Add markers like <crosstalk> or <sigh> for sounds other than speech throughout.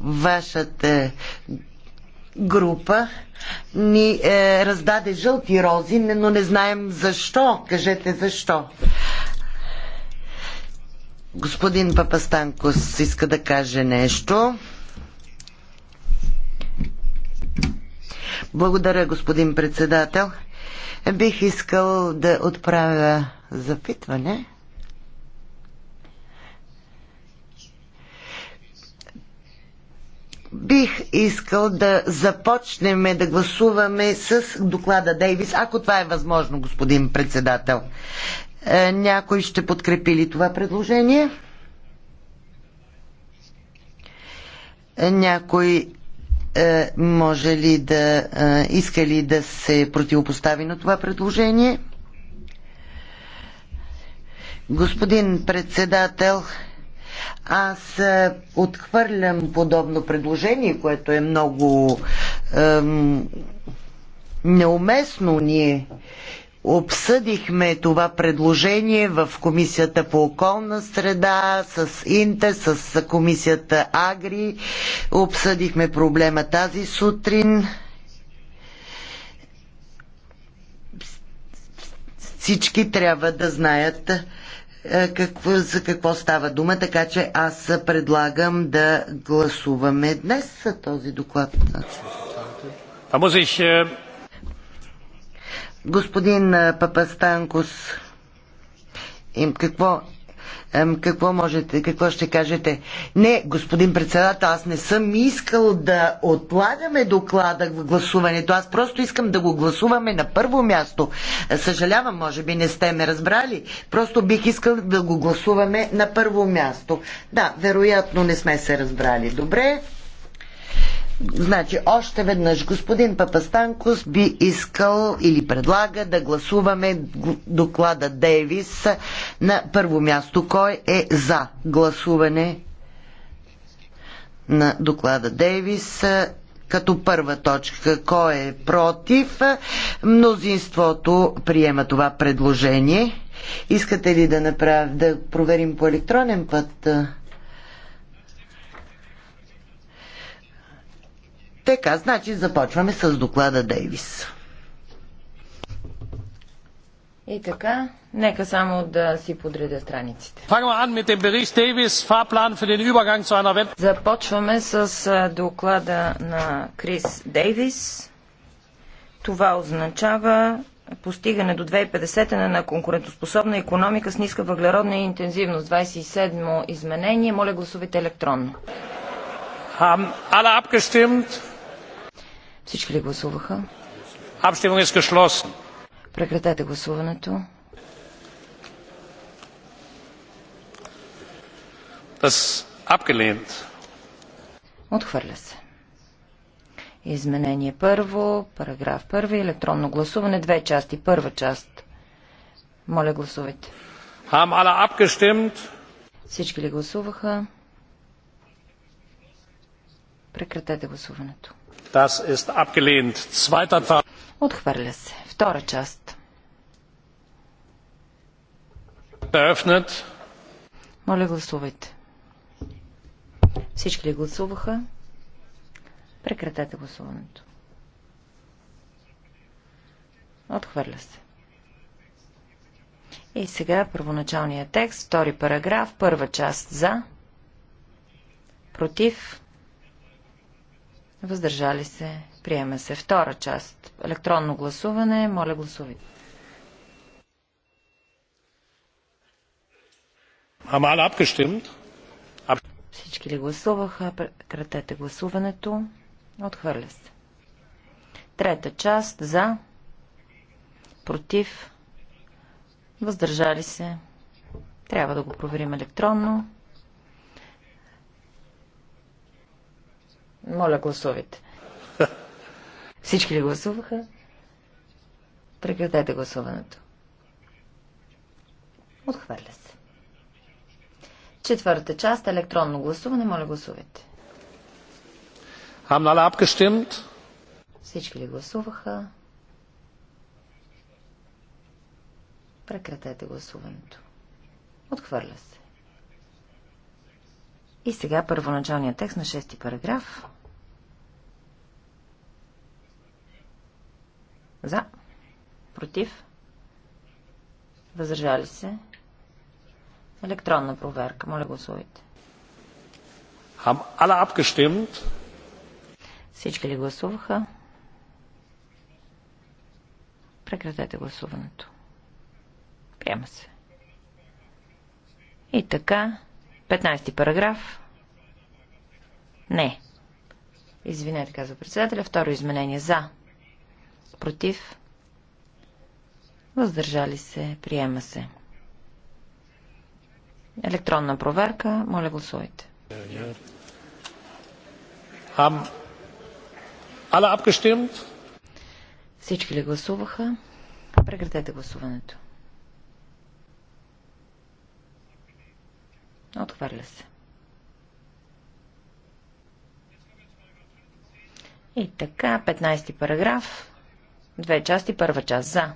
вашата група ни е, раздаде жълти рози, но не знаем защо. Кажете защо. Господин Папастанкос иска да каже нещо. Благодаря, господин председател. Бих искал да отправя запитване. Бих искал да започнем да гласуваме с доклада Дейвис, ако това е възможно, господин председател. Е, някой ще подкрепи ли това предложение? Е, някой е, може ли да иска ли да се противопостави на това предложение? Господин председател, аз е, отхвърлям подобно предложение, което е много ем, неуместно. Ние обсъдихме това предложение в Комисията по околна среда, с Инте, с Комисията Агри. Обсъдихме проблема тази сутрин. Всички трябва да знаят е, какво, за какво става дума, така че аз предлагам да гласуваме днес този доклад. Е, Господин е, Папастанкос, им какво какво можете, какво ще кажете? Не, господин председател, аз не съм искал да отлагаме доклада в гласуването. Аз просто искам да го гласуваме на първо място. Съжалявам, може би не сте ме разбрали. Просто бих искал да го гласуваме на първо място. Да, вероятно не сме се разбрали. Добре. Значи, още веднъж, господин Папастанкос би искал или предлага да гласуваме доклада Дейвис на първо място. Кой е за гласуване на доклада Дейвис като първа точка? Кой е против? Мнозинството приема това предложение. Искате ли да, направ... да проверим по електронен път? Така, значи започваме с доклада Дейвис. И така, нека само да си подредя страниците. Започваме с доклада на Крис Дейвис. Това означава постигане до 2050 на конкурентоспособна економика с ниска въглеродна интензивност. 27 изменение. Моля гласувайте електронно. Haben alle abgestimmt? Всички ли гласуваха? Прекратете гласуването. Отхвърля се. Изменение първо, параграф първи, електронно гласуване, две части. Първа част. Моля, гласувайте. Всички ли гласуваха? Прекратете гласуването. Отхвърля се. Втора част. Моля, гласувайте. Всички ли гласуваха? Прекратете гласуването. Отхвърля се. И сега първоначалния текст, втори параграф, първа част за, против, Въздържали се. Приема се. Втора част. Електронно гласуване. Моля гласувайте. Всички ли гласуваха? Кратете гласуването. Отхвърля се. Трета част. За. Против. Въздържали се. Трябва да го проверим електронно. Моля, гласувайте. <laughs> Всички ли гласуваха? Прекратете гласуването. Отхвърля се. Четвърта част електронно гласуване. Моля, гласувайте. Haben alle Всички ли гласуваха? Прекратете гласуването. Отхвърля се. И сега първоначалният текст на шести параграф. За. Против. Въздържали се. Електронна проверка. Моля гласувайте. Haben alle abgestimmt? Всички ли гласуваха? Прекратете гласуването. Приема се. И така, 15 ти параграф. Не. Извинете, казва председателя. Второ изменение за. Против. Въздържали се. Приема се. Електронна проверка. Моля гласувайте. Всички ли гласуваха? Прекратете гласуването. Отхвърля се. И така, 15 параграф. Две части. Първа част за.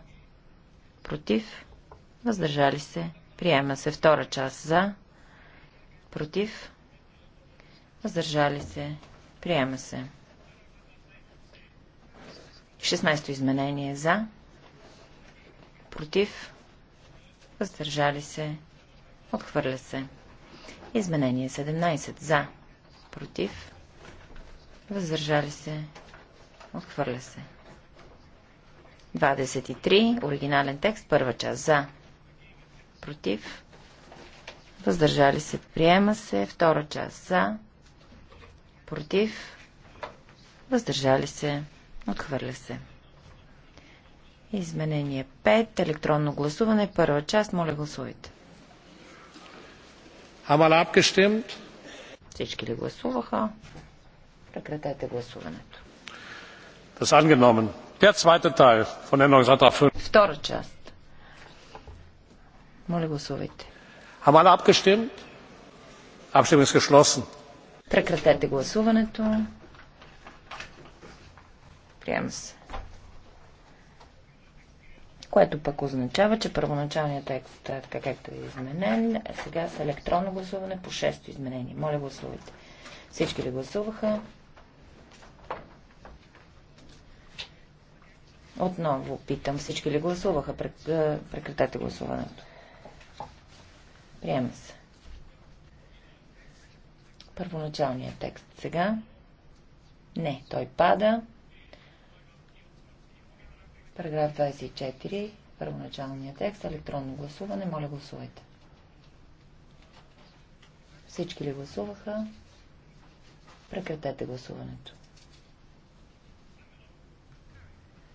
Против. Въздържали се. Приема се втора част за. Против. Въздържали се. Приема се. 16-то изменение за. Против. Въздържали се. Отхвърля се. Изменение 17 за. Против. Въздържали се. Отхвърля се. 23. Оригинален текст. Първа част. За. Против. Въздържали се. Приема се. Втора част. За. Против. Въздържали се. Отхвърля се. Изменение 5. Електронно гласуване. Първа част. Моля гласувайте. Амала абгестимт. Всички ли гласуваха? Прекратете гласуването. Das angenommen. Втора част. Моля гласувайте. Прекратете гласуването. Приема се. Което пък означава, че първоначалният текст, е така както е изменен, е сега с електронно гласуване по 6 изменение. Моля гласувайте. Всички ли гласуваха? Отново питам, всички ли гласуваха? Прекратете гласуването. Приема се. Първоначалният текст сега. Не, той пада. Параграф 24, първоначалният текст, електронно гласуване. Моля, гласувайте. Всички ли гласуваха? Прекратете гласуването.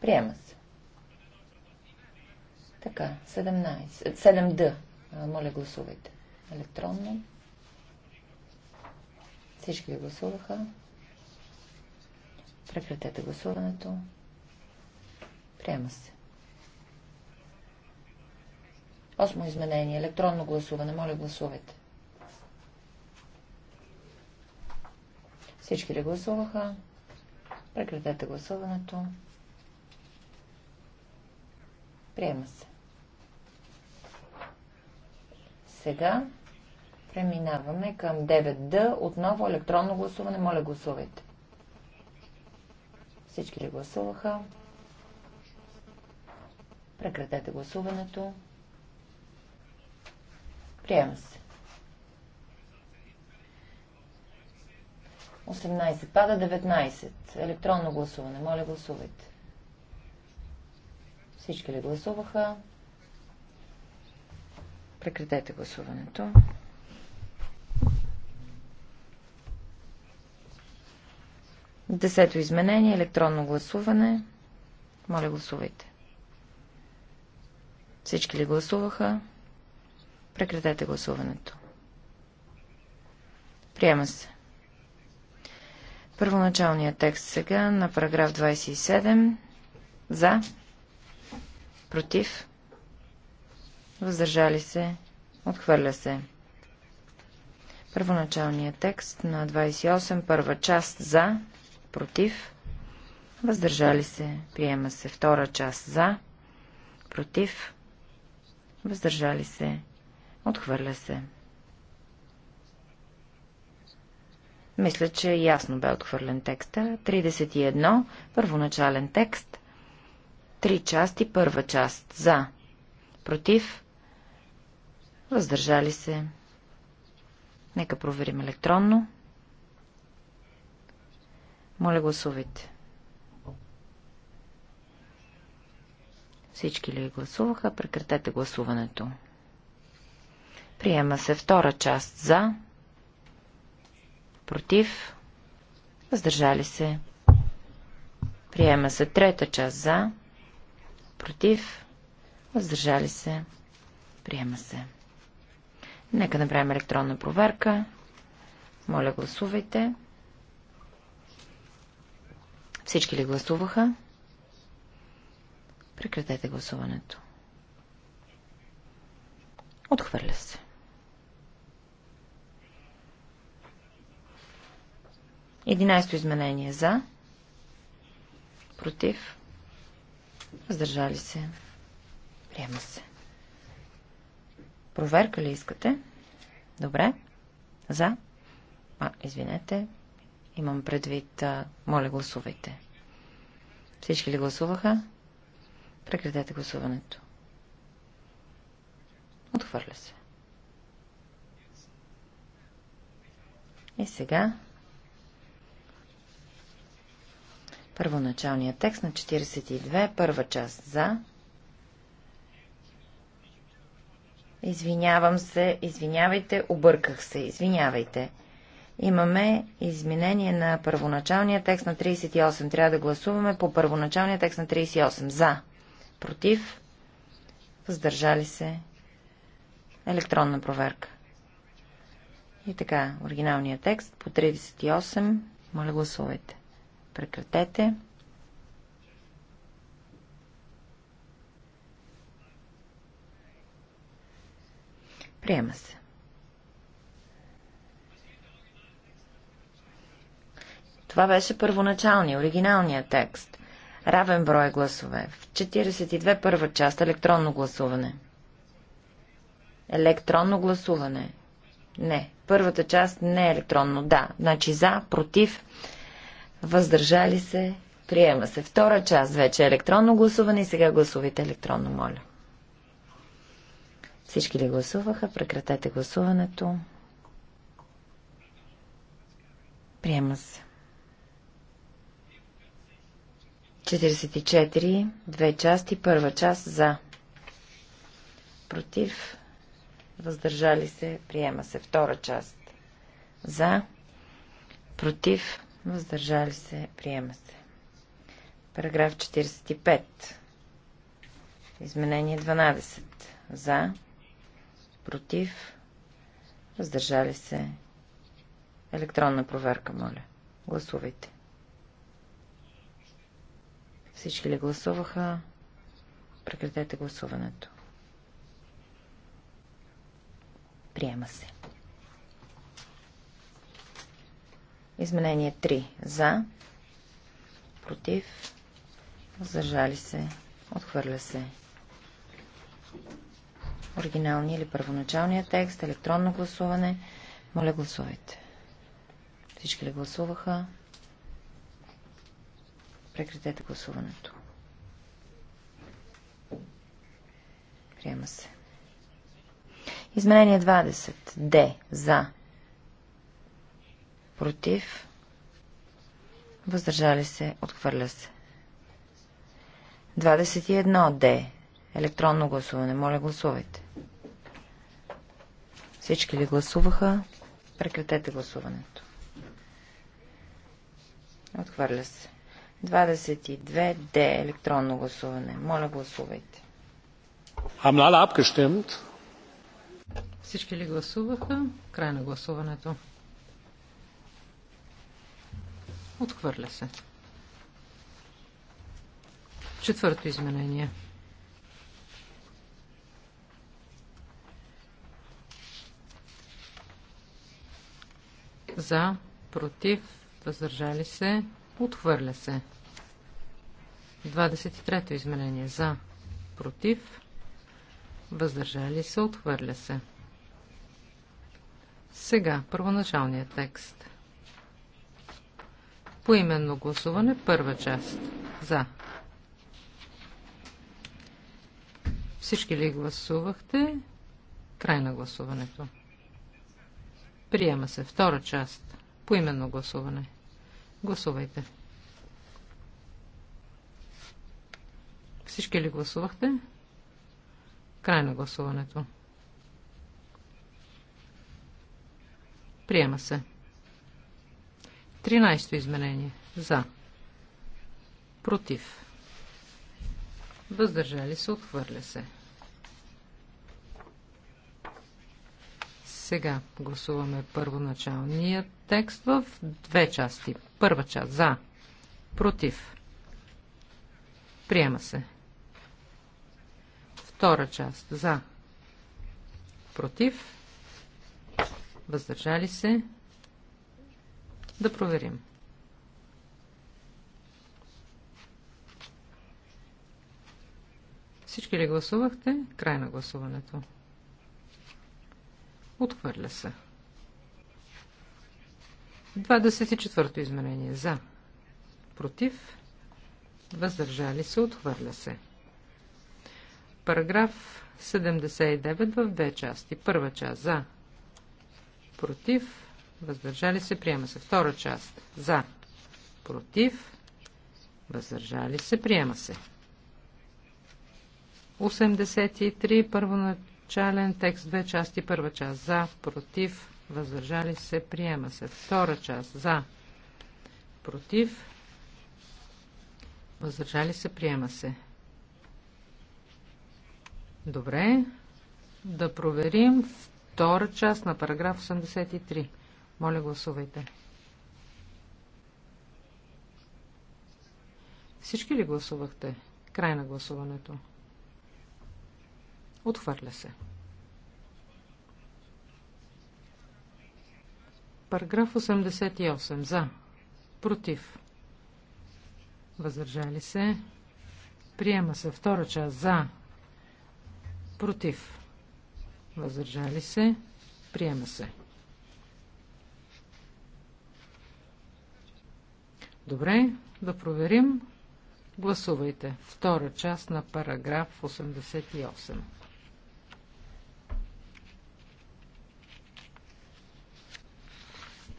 Приема се. Така, 17. 7D. Моля, гласувайте. Електронно. Всички ли гласуваха? Прекратете гласуването. Приема се. Осмо изменение. Електронно гласуване. Моля, гласувайте. Всички ли гласуваха? Прекратете гласуването. Приема се. Сега преминаваме към 9D. Отново електронно гласуване. Моля, гласувайте. Всички ли гласуваха? Прекратете гласуването. Приема се. 18 пада 19. Електронно гласуване. Моля, гласувайте. Всички ли гласуваха? Прекратете гласуването. Десето изменение, електронно гласуване. Моля, гласувайте. Всички ли гласуваха? Прекратете гласуването. Приема се. Първоначалният текст сега на параграф 27. За против, въздържали се, отхвърля се. Първоначалният текст на 28, първа част за, против, въздържали се, приема се втора част за, против, въздържали се, отхвърля се. Мисля, че ясно бе отхвърлен текста. 31. Първоначален текст. Три части, първа част. За. Против. Въздържали се. Нека проверим електронно. Моля гласувайте. Всички ли гласуваха? Прекратете гласуването. Приема се втора част за, против, въздържали се. Приема се трета част за, Против. Въздържали се. Приема се. Нека направим електронна проверка. Моля, гласувайте. Всички ли гласуваха? Прекратете гласуването. Отхвърля се. Единайсто изменение за. Против. Въздържали се. Приема се. Проверка ли искате? Добре. За. А, извинете. Имам предвид. А, моля, гласувайте. Всички ли гласуваха? Прекратете гласуването. Отхвърля се. И сега Първоначалния текст на 42, първа част за. Извинявам се, извинявайте, обърках се, извинявайте. Имаме изменение на първоначалния текст на 38. Трябва да гласуваме по първоначалния текст на 38. За. Против. Въздържали се. Електронна проверка. И така, оригиналният текст по 38. Моля гласувайте. Прекратете. Приема се. Това беше първоначалния, оригиналния текст. Равен брой гласове. В 42 първа част електронно гласуване. Електронно гласуване. Не. Първата част не е електронно. Да. Значи за, против, въздържали се, приема се. Втора част вече е електронно гласуване и сега гласувайте електронно, моля. Всички ли гласуваха? Прекратете гласуването. Приема се. 44, две части, първа част за. Против, въздържали се, приема се. Втора част за, против, Въздържали се. Приема се. Параграф 45. Изменение 12. За. Против. Въздържали се. Електронна проверка, моля. Гласувайте. Всички ли гласуваха? Прекратете гласуването. Приема се. Изменение 3. За. Против. Зажали се. Отхвърля се. Оригиналния или първоначалния текст. Електронно гласуване. Моля гласувайте. Всички ли гласуваха? Прекратете гласуването. Приема се. Изменение 20. Д. За против, въздържали се, отхвърля се. 21 Д. Електронно гласуване. Моля, гласувайте. Всички ли гласуваха? Прекратете гласуването. Отхвърля се. 22 Д. Електронно гласуване. Моля, гласувайте. Haben alle abgestimmt? Всички ли гласуваха? Край на гласуването. Отхвърля се. Четвърто изменение. За, против, въздържали се, отхвърля се. 23-то изменение. За, против, въздържали се, отхвърля се. Сега първоначалният текст. Поименно гласуване, първа част. За. Всички ли гласувахте? Край на гласуването. Приема се. Втора част. Поименно гласуване. Гласувайте. Всички ли гласувахте? Край на гласуването. Приема се. 13 изменение. За. Против. Въздържали се, отхвърля се. Сега гласуваме първоначалния текст в две части. Първа част за, против, приема се. Втора част за, против, въздържали се, да проверим. Всички ли гласувахте? Край на гласуването. Отхвърля се. 24-то изменение. За. Против. Въздържали се. Отхвърля се. Параграф 79 в две части. Първа част. За. Против въздържали се, приема се. Втора част за, против, въздържали се, приема се. 83, първоначален текст, две части, първа част за, против, въздържали се, приема се. Втора част за, против, въздържали се, приема се. Добре, да проверим втора част на параграф 83. Моля, гласувайте. Всички ли гласувахте? Край на гласуването. Отхвърля се. Параграф 88. За. Против. Въздържали се. Приема се втора част. За. Против. Въздържали се. Приема се. Добре, да проверим. Гласувайте. Втора част на параграф 88.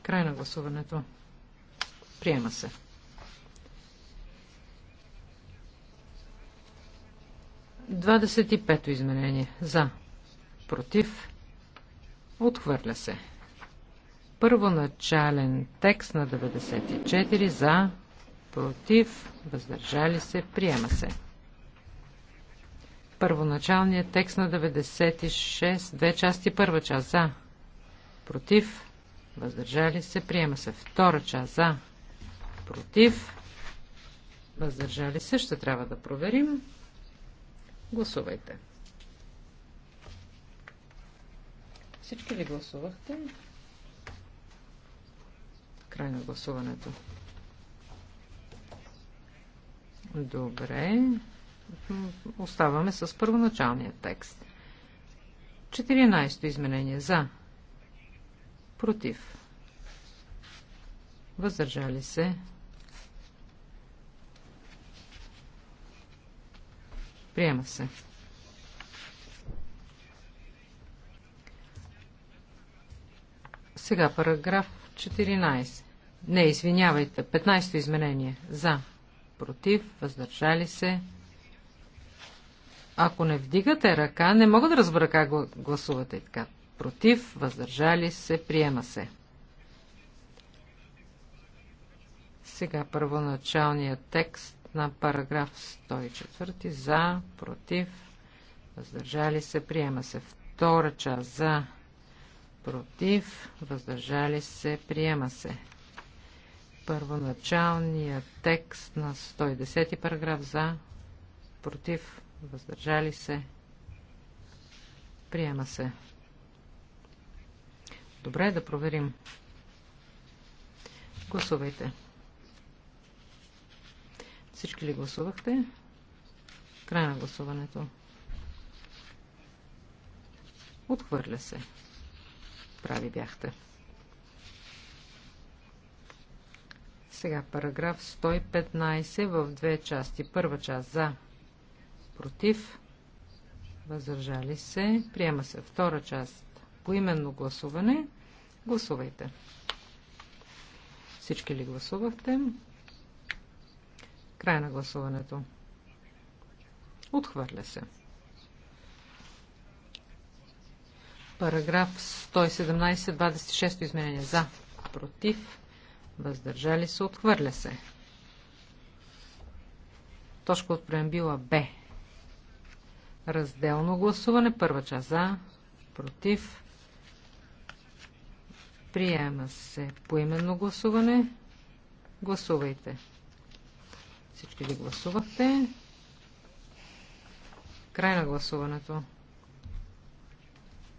Край на гласуването. Приема се. Двадесет и пето изменение. За. Против. Отхвърля се. Първоначален текст на 94 за, против, въздържали се, приема се. Първоначалният текст на 96, две части, първа част за, против, въздържали се, приема се. Втора част за, против, въздържали се, ще трябва да проверим. Гласувайте. Всички ли гласувахте? Край на гласуването. Добре. Оставаме с първоначалния текст. 14 изменение. За. Против. Въздържали се. Приема се. Сега параграф 14. Не, извинявайте. 15-то изменение. За. Против. Въздържали се. Ако не вдигате ръка, не мога да разбера как гласувате така. Против. Въздържали се. Приема се. Сега първоначалният текст на параграф 104. За. Против. Въздържали се. Приема се. Втора част. За. Против. Въздържали се. Приема се първоначалния текст на 110 параграф за, против, въздържали се, приема се. Добре, да проверим. Гласувайте. Всички ли гласувахте? Край на гласуването. Отхвърля се. Прави бяхте. Сега параграф 115 в две части. Първа част за, против, въздържали се, приема се. Втора част по именно гласуване. Гласувайте. Всички ли гласувахте? Край на гласуването. Отхвърля се. Параграф 117, 26 изменение за, против, въздържали се, отхвърля се. Точка от преамбила Б. Разделно гласуване, първа част за, против, приема се поименно гласуване, гласувайте. Всички ли гласувахте? Край на гласуването.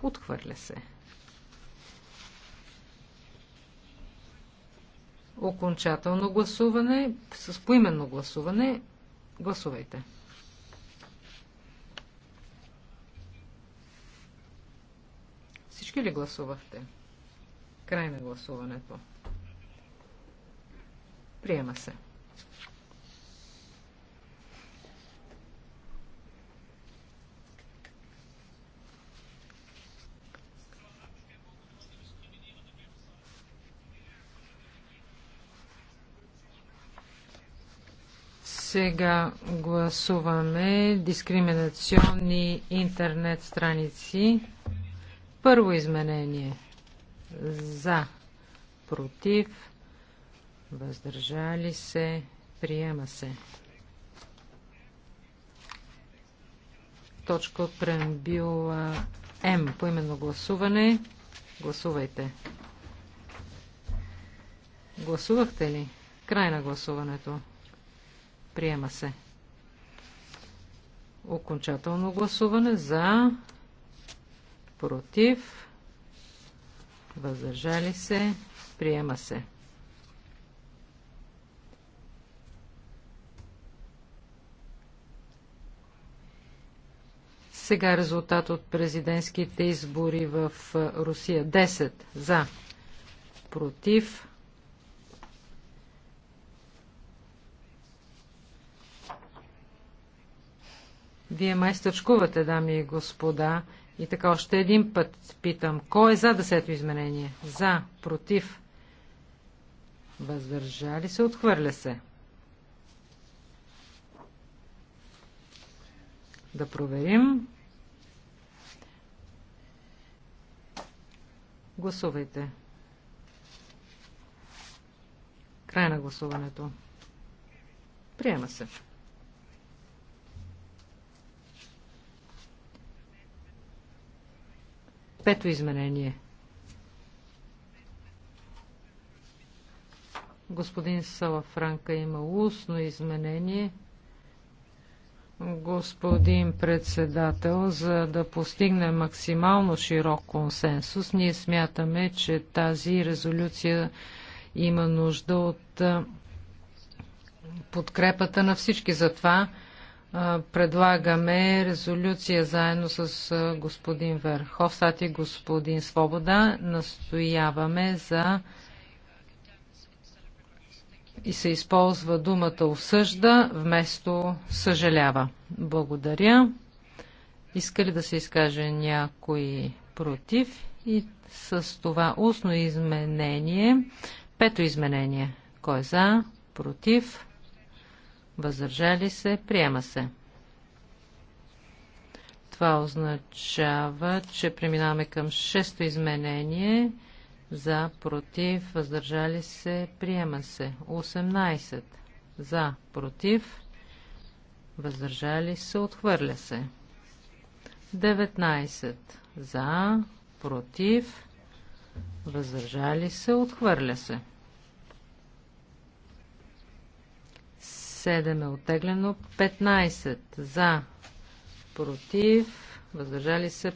Отхвърля се. окончателно гласуване, с поименно гласуване. Гласувайте. Всички ли гласувахте? Край на гласуването. Приема се. Сега гласуваме дискриминационни интернет страници. Първо изменение. За. Против. Въздържали се. Приема се. Точка от преамбила М. Поименно гласуване. Гласувайте. Гласувахте ли? Край на гласуването. Приема се. Окончателно гласуване за, против, въздържали се, приема се. Сега резултат от президентските избори в Русия. 10 за, против, Вие май стъчкувате, дами и господа. И така още един път питам. Кой е за десето изменение? За, против, въздържали се, отхвърля се. Да проверим. Гласувайте. Край на гласуването. Приема се. Пето изменение. Господин Салафранка има устно изменение. Господин председател, за да постигне максимално широк консенсус, ние смятаме, че тази резолюция има нужда от подкрепата на всички. Затова предлагаме резолюция заедно с господин Верховсат и господин Свобода. Настояваме за и се използва думата осъжда вместо съжалява. Благодаря. Иска ли да се изкаже някой против? И с това устно изменение, пето изменение. Кой е за? Против? въздържали се, приема се. Това означава, че преминаваме към шесто изменение. За, против, въздържали се, приема се. 18. За, против, въздържали се, отхвърля се. 19. За, против, въздържали се, отхвърля се. 7 е оттеглено. 15 за, против, въздържали се,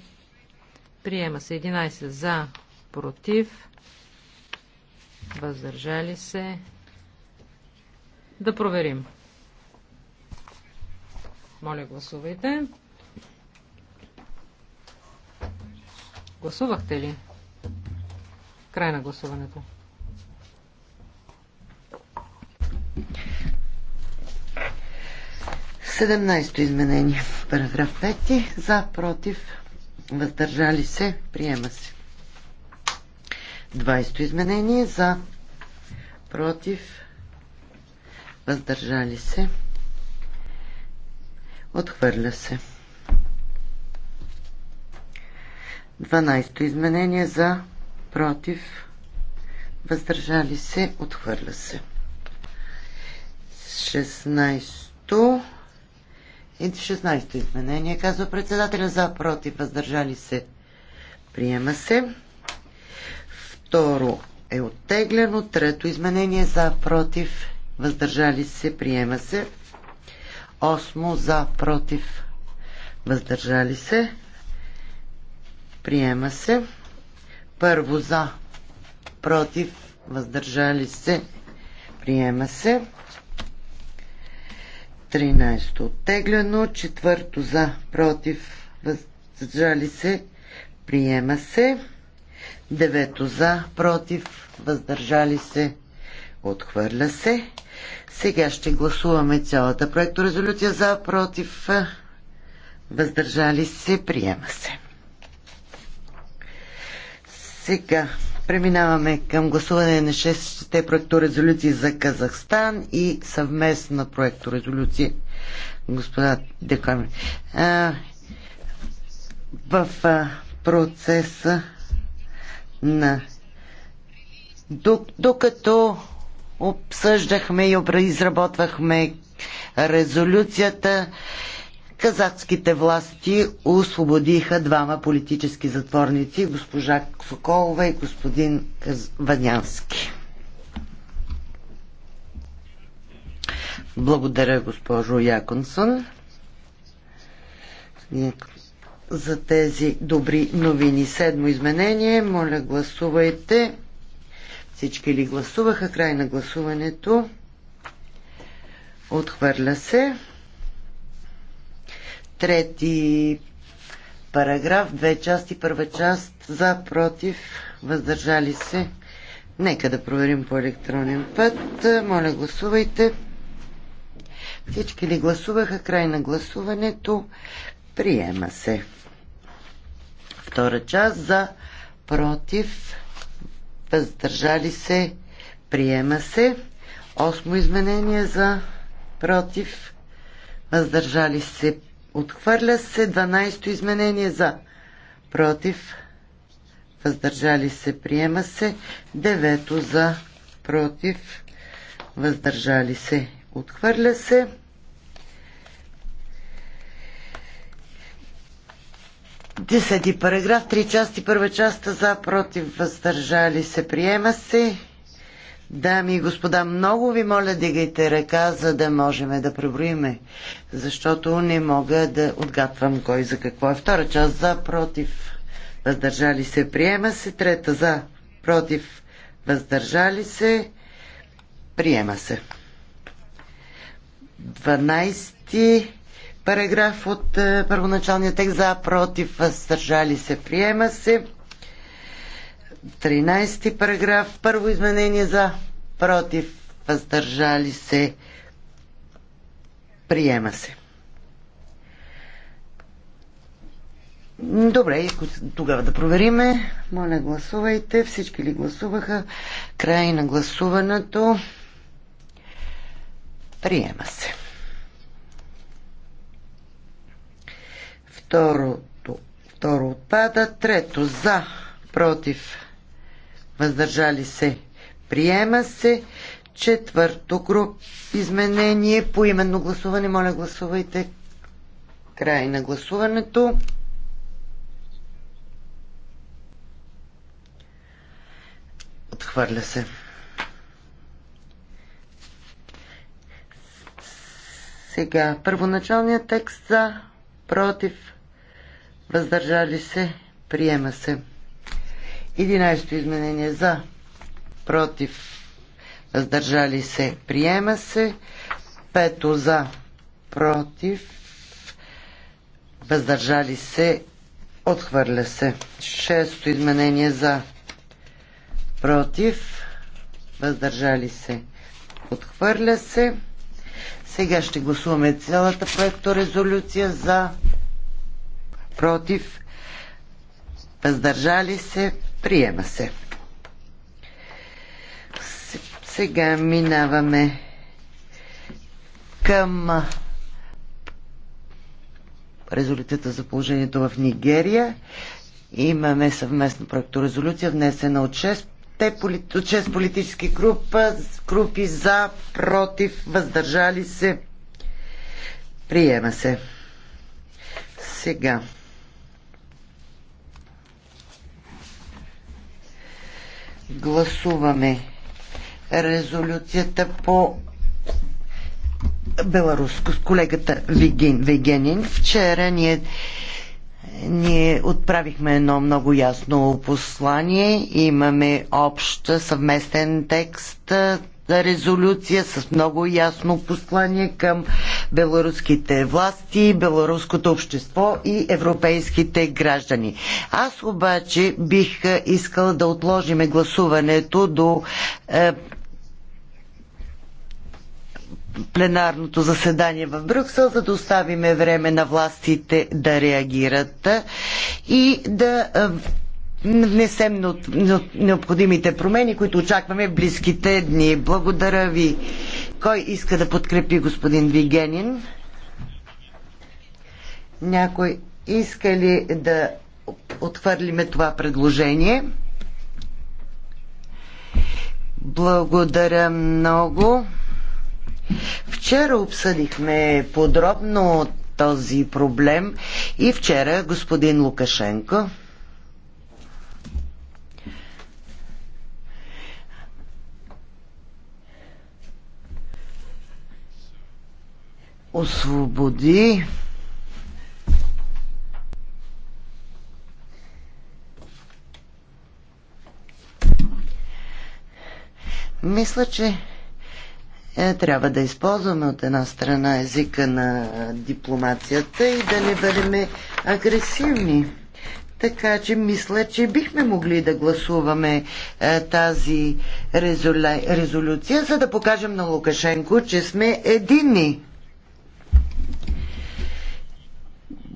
приема се. 11 за, против, въздържали се. Да проверим. Моля, гласувайте. Гласувахте ли? Край на гласуването. 17-то изменение. Параграф 5. За, против, въздържали се, приема се. 20-то изменение. За, против, въздържали се, отхвърля се. 12-то изменение. За, против, въздържали се, отхвърля се. 16-то 16-то изменение, казва председателя за, против, въздържали се. Приема се. Второ е оттеглено. Трето изменение за, против, въздържали се. Приема се. Осмо за, против, въздържали се. Приема се. Първо за, против, въздържали се. Приема се. 13 оттеглено, четвърто за, против, въздържали се, приема се. Девето за, против, въздържали се, отхвърля се. Сега ще гласуваме цялата проекторезолюция за, против, въздържали се, приема се. Сега Преминаваме към гласуване на 6-те проекторезолюции за Казахстан и съвместна проекторезолюция. Господа Декамер. В а, процеса на докато обсъждахме и изработвахме резолюцията, Казахските власти освободиха двама политически затворници, госпожа Соколова и господин Ванянски. Благодаря, госпожо Яконсон, за тези добри новини. Седмо изменение. Моля, гласувайте. Всички ли гласуваха? Край на гласуването. Отхвърля се трети параграф, две части, първа част за, против, въздържали се. Нека да проверим по електронен път. Моля, гласувайте. Всички ли гласуваха? Край на гласуването. Приема се. Втора част за, против, въздържали се. Приема се. Осмо изменение за, против, въздържали се. Отхвърля се 12-то изменение за. Против. Въздържали се. Приема се. 9 за. Против. Въздържали се. Отхвърля се. Десети параграф, три части, първа част за, против, въздържали се, приема се. Дами и господа, много ви моля, дигайте ръка, за да можем да преброиме, защото не мога да отгатвам кой за какво е. Втора част за, против, въздържали се, приема се. Трета за, против, въздържали се, приема се. 12 параграф от е, първоначалния текст за, против, въздържали се, приема се. 13 параграф. Първо изменение за против. Въздържали се. Приема се. Добре, тогава да провериме. Моля, гласувайте. Всички ли гласуваха? Край на гласуването. Приема се. Второто, второ отпада. Трето за, против, въздържали се, приема се. Четвърто груп изменение по именно гласуване. Моля, гласувайте. Край на гласуването. Отхвърля се. Сега, първоначалният текст за, против, въздържали се, приема се. 11 изменение за, против, въздържали се, приема се. Пето за, против, въздържали се, отхвърля се. Шесто изменение за, против, въздържали се, отхвърля се. Сега ще гласуваме цялата проекторезолюция за, против, въздържали се, Приема се. Сега минаваме към резолюцията за положението в Нигерия. Имаме съвместно резолюция, внесена от 6 от 6 политически група, групи за, против, въздържали се. Приема се. Сега. гласуваме резолюцията по Беларуско с колегата Вигин, Вигенин. Вчера ние, ние отправихме едно много ясно послание. Имаме общ съвместен текст резолюция с много ясно послание към беларуските власти, беларуското общество и европейските граждани. Аз обаче бих е, искала да отложиме гласуването до е, пленарното заседание в Брюксел, за да оставиме време на властите да реагират и да е, внесем необходимите промени, които очакваме в близките дни. Благодаря ви. Кой иска да подкрепи господин Вигенин? Някой иска ли да отхвърлиме това предложение? Благодаря много. Вчера обсъдихме подробно този проблем и вчера господин Лукашенко освободи Мисля, че е, трябва да използваме от една страна езика на дипломацията и да не бъдем агресивни. Така че мисля, че бихме могли да гласуваме е, тази резолю... резолюция, за да покажем на Лукашенко, че сме едини.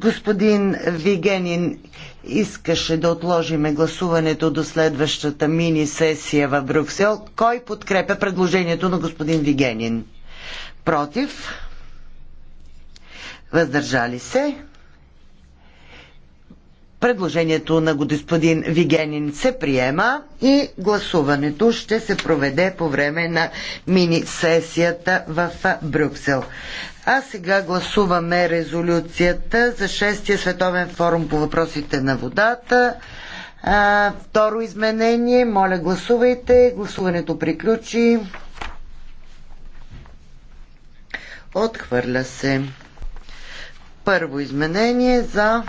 Господин Вигенин искаше да отложиме гласуването до следващата мини-сесия в Брюксел. Кой подкрепя предложението на господин Вигенин? Против? Въздържали се? Предложението на господин Вигенин се приема и гласуването ще се проведе по време на мини-сесията в Брюксел. А сега гласуваме резолюцията за 6-я световен форум по въпросите на водата. А, второ изменение. Моля, гласувайте. Гласуването приключи. Отхвърля се. Първо изменение за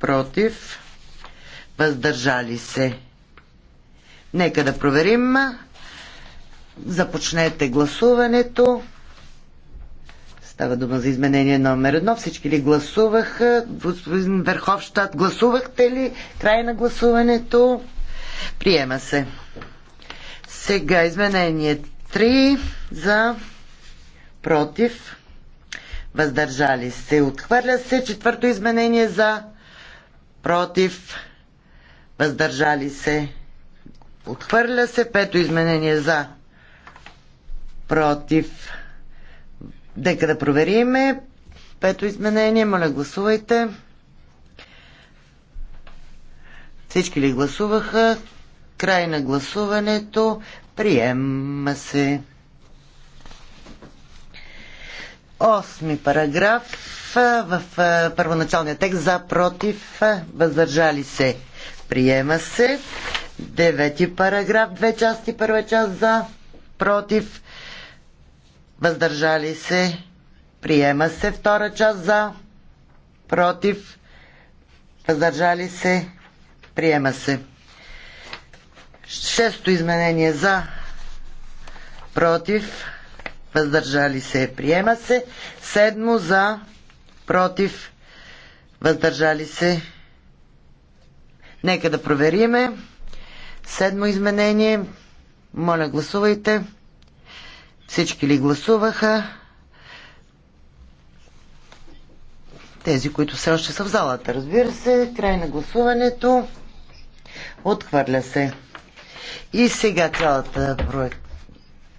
против. Въздържали се. Нека да проверим. Започнете гласуването. Става дума за изменение номер едно. Всички ли гласуваха? Господин Верховщад, гласувахте ли? Край на гласуването. Приема се. Сега изменение 3 за против. Въздържали се. Отхвърля се. Четвърто изменение за против. Въздържали се. Отхвърля се. Пето изменение за против Дека да провериме. Пето изменение, моля гласувайте. Всички ли гласуваха? Край на гласуването. Приема се. Осми параграф в първоначалния текст за против въздържали се. Приема се. Девети параграф, две части, първа част за против въздържали се, приема се. Втора част за, против, въздържали се, приема се. Шесто изменение за, против, въздържали се, приема се. Седмо за, против, въздържали се. Нека да провериме. Седмо изменение. Моля, гласувайте. Всички ли гласуваха? Тези, които все още са в залата, разбира се. Край на гласуването. Отхвърля се. И сега цялата проект,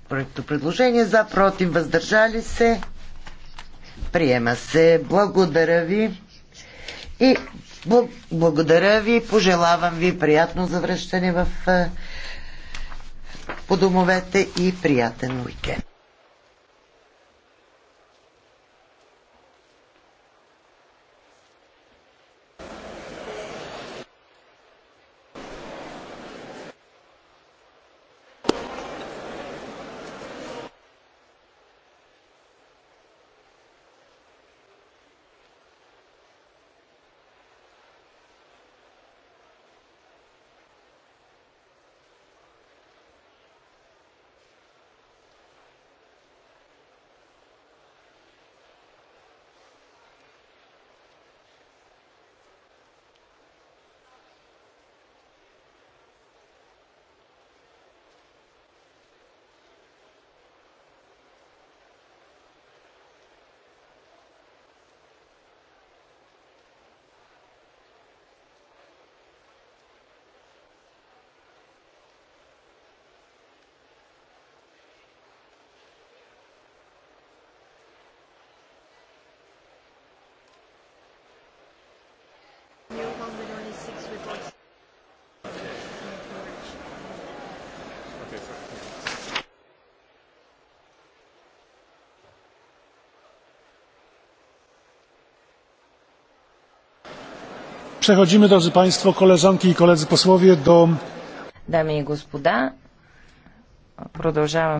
проекто предложение за, против, въздържали се. Приема се. Благодаря ви. И благодаря ви. Пожелавам ви приятно завръщане в по домовете и приятен уикенд. Przechodzimy, drodzy Państwo, koleżanki i koledzy posłowie, do... Dami i gospoda, продължаваме